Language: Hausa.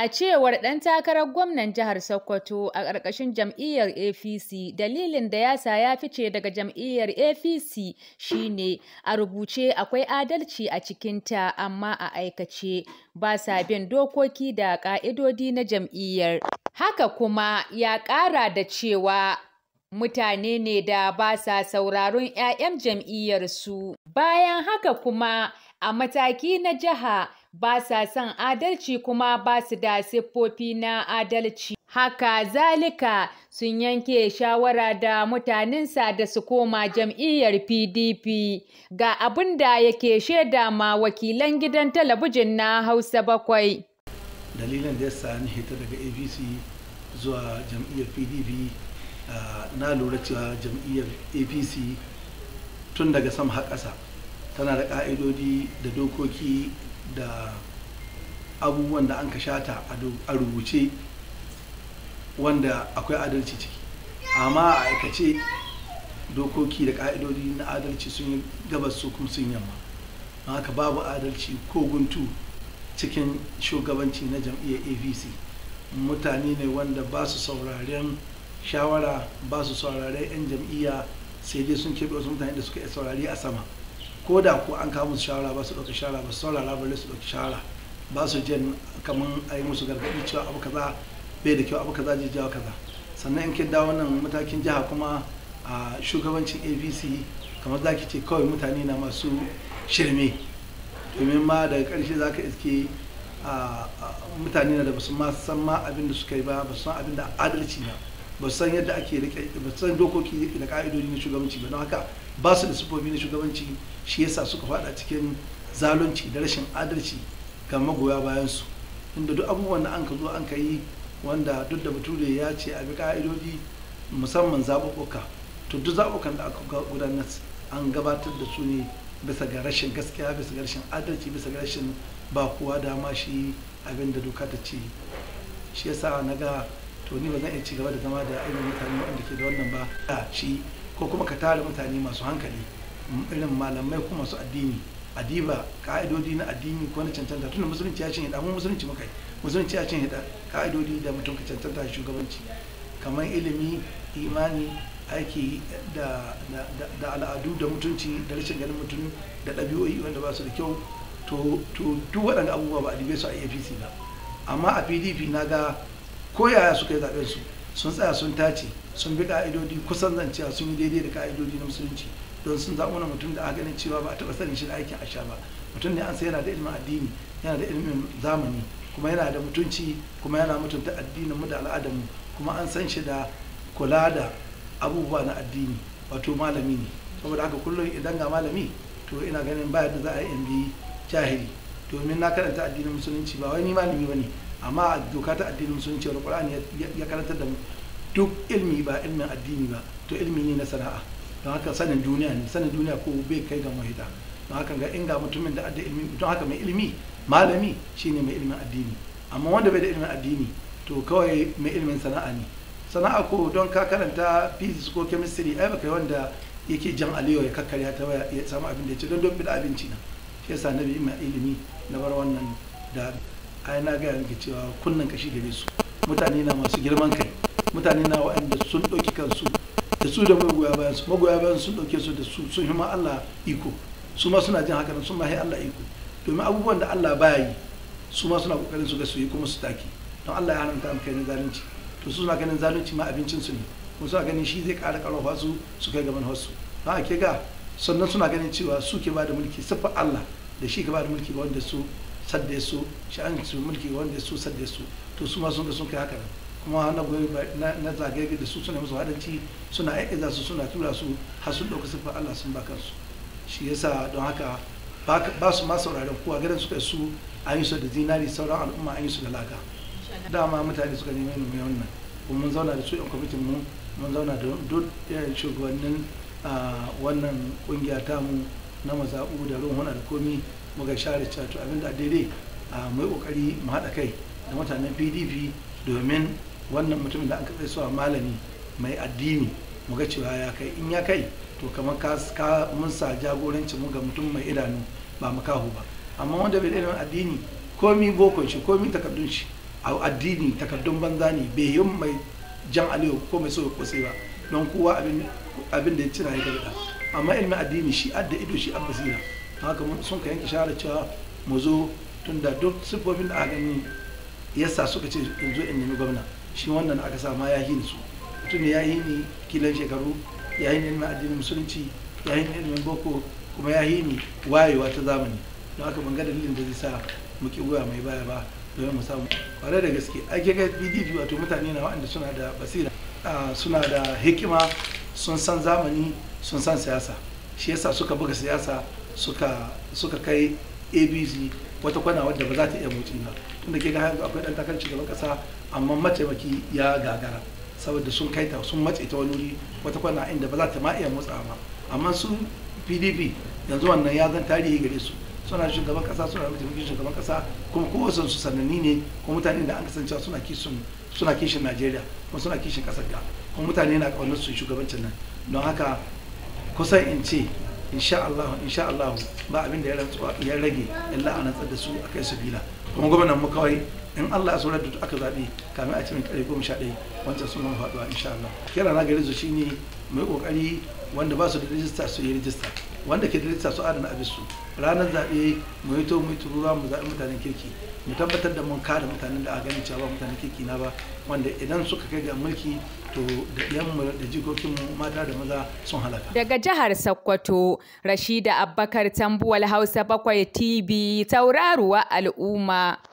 A cewar ɗan takarar gwamnan jihar Sokoto a ƙarƙashin jam'iyyar APC, dalilin da ya sa ya fice daga jam'iyyar APC shine a rubuce akwai adalci a cikinta amma a aikace ba sa bin dokoki da ƙa'idodi na jam'iyyar. Haka kuma ya ƙara da cewa mutane ne da ba sa sauraron 'ya'yan jam'iyyarsu. Bayan haka kuma A mataki na jiha ba sa son adalci kuma ba su da siffofi na adalci. Haka zalika sun yanke shawara da mutanensa da su koma jam'iyyar PDP ga abin da yake shaida ma wakilan gidan talabijin na Hausa bakwai. Dalilan da yasa ni hita daga APC zuwa jam'iyyar PDP ah, na lura cewa jam'iyyar APC tun daga sama har ƙasa. tana da ka'idodi da dokoki da abubuwan da an ka shata a rubuce wanda akwai adalci ciki amma a aikace dokoki da ka'idodi na adalci sun yi gabas su kuma sun yamma don haka babu adalci ko guntu cikin shugabanci na jam'iyyar avc mutane ne wanda ba su sauraren shawara ba su sauraren 'yan jam'iyya sai dai sun keɓe wasu mutane da suka yi saurari a sama ko da ko an kawo musu shawara ba su ɗauka shawara ba su saurara ba su ɗauki shawara ba su jin kamar a yi musu gargaɗi cewa abu kaza bai da kyau abu kaza zai jawo kaza sannan in kin dawo nan matakin jiha kuma a shugabancin apc kamar za ki ce kawai mutane na masu shirme domin ma daga ƙarshe za ka iske mutane na da basu ma san ma abin da suka yi ba basu san abin da adalci na basu san yadda ake rike su san dokoki da ka'idodi na shugabanci ba don haka ba su da sufofi na shugabanci shi yasa suka fada cikin zalunci da rashin adalci ga magoya bayansu inda duk abubuwan da an ka zo an ka yi wanda duk da bature ya ce a bi ka'idodi musamman zaɓuɓɓuka to duk zaɓuɓɓukan da aka gudanar an gabatar da su ne bisa ga rashin gaskiya bisa ga rashin adalci bisa ga rashin ba kowa dama shi abin da doka ta ce shi yasa na ga to ni ba zan iya ci gaba da zama da irin mutane wanda ke da wannan ba shi ko kuma ka tara mutane masu hankali mm, irin malamai ko masu addini adiba ka'idodi na addini ko na cancanta da musulunci ya cinye mu musulunci muka yi musulunci ya cinye da ka'idodi da mutum ka cancanta shugabanci kamar ilimi imani aiki da, al'adu da mutunci da rashin ganin mutum da ɗabi'o'i wanda ba su da kyau to duk waɗanda abubuwa ba a dibe su a apc ba amma a pdp na ga koyaya suka yi zaɓen su sun tsaya sun tace sun bi ka'idodi kusan zancewa sun yi daidai da ka'idodi na musulunci don sun zaɓi wani mutum da a ganin cewa ba a taɓa sanin shi da aikin asha ba mutum ne an sai yana da ilimin addini yana da ilimin zamani kuma yana da mutunci kuma yana mutunta addininmu da al'adarmu kuma an san shi da kula da abubuwa na addini wato malami ne saboda haka kullum idan ga malami to ina ganin ba da za a yi in bi jahili domin na karanta addinin musulunci ba wai ni malami ba ne amma doka ta addinin musulunci wani qur'ani ya karanta da duk ilmi ba ilmin addini ba to ilmi ne na sana'a don haka sanin duniya ne sanin duniya ko bai kai ga mahita don haka ga inga mutumin da adda ilmi don haka mai ilmi malami shine mai ilmin addini amma wanda bai da ilmin addini to kawai mai ilmin sana'a ne sana'a ko don ka karanta physics ko chemistry ai baka wanda yake jan aliyo ya kakkarya ta waya ya samu abin da ya ce don don bi da abinci na shi yasa nabi mai ilimi na bar wannan da ai na gaya miki cewa kunnen kashi gare su mutane na masu girman kai mutane na waɗanda sun ɗauki kansu da su da magoya bayan su magoya bayan sun ɗauke su da su sun hima Allah iko su ma suna jin haka sun ma Allah iko domin abubuwan da Allah baya yi su ma suna kokarin su ga su yi kuma su taki don Allah ya haramta maka yin zalunci to su suna ganin zalunci ma abincin su ne ko suna ganin shi zai ƙara ƙarfafa su su kai gaban wasu don ke ga sannan suna ganin cewa su ke ba da mulki siffar Allah da shi ke ba da mulki ba wanda su sadda su sha'an su mulki wanda su sadda su to su ma sun ga sun kai haka kuma na goyi na zagaye da su suna musu hadanci suna za su suna tura su har sun ɗauka siffar Allah sun ba kansu shi yasa don haka ba su ma sauraron kowa garin suka su an yi su da zinari sauran al'umma an yi su da laka dama mutane suka nemi mu mai wannan kuma mun zauna da su yan kwamitin mu mun zauna da duk shugabannin ah, wannan kungiya ta mu na mazaɓu da ruhun da komi muka share cewa to abinda a daidai a mai kokari mu haɗa kai da mutanen pdp domin wannan mutumin da aka tsaye a malami mai addini mu ga cewa ya kai in ya kai to kamar ka mun sa jagoranci mu ga mutum mai idanu ba kahu ba amma wanda bai ilimin addini komi bokon shi komi takardun shi a addini takardun banza ne bai yi mai jan aliyu ko mai so ya kose ba don kowa abin da ya cira ya gaba amma ilimin addini shi adda ido shi abbasira basira haka sun ka yanke shahara cewa mu zo tun da duk siffofin da aka yi yasa suka ce in zo in nemi gwamna shi wannan aka sa ma ya ni su mutum ya yi ni kilan shekaru ya yi ni ilimin addinin musulunci ya yi ni ilimin boko kuma ya yi ni wayewa ta zamani don haka ban ga dalilin da zai sa mu ki goya mai baya ba domin mu samu kwarai da gaske ake ga pdp wato mutane na waɗanda suna da basira suna da hikima sun san zamani sun san siyasa shi yasa suka buga siyasa suka kai abc wata kwana wadda ba za ta iya motsi ba tunda ke ga yanzu akwai dan takarci shugaban kasa amma mataimaki ya gagara saboda sun kai ta sun matse ta wani wuri wata kwana inda ba za ta ma iya motsa ba amma su pdp yanzu wannan ya zan tarihi gare su suna shugaban kasa suna mataimakin shugaban kasa kuma kowace su sananni ne kuma mutane da an kasance suna kishin suna kishin najeriya kuma suna kishin kasar ga kuma mutane na kaunar su shugabancin nan don haka kusan in ce insha Allah insha Allah ba abin da ya rantsuwa ya rage illa a natsar su a kai su bila kuma gwamnan mu kawai in Allah ya saurara da aka zabe kamin a cikin kare 11 wancan sun faduwa insha Allah kira na gari shine mai kokari wanda ba su da rijista su yi rijista wanda ke da rijista su adana abisu su ranar zabe mu yi to mu yi turuwa mu zabi mutanen kirki mu tabbatar da mun kada mutanen da a ganin cewa mutanen kirki na ba wanda idan suka kai ga mulki to da ɗiyanmu da jikokinmu mata da maza sun halaka. Daga jihar Sokoto, Rashida Abbakar Tambuwal Hausa bakwai TV, tauraruwa al'umma.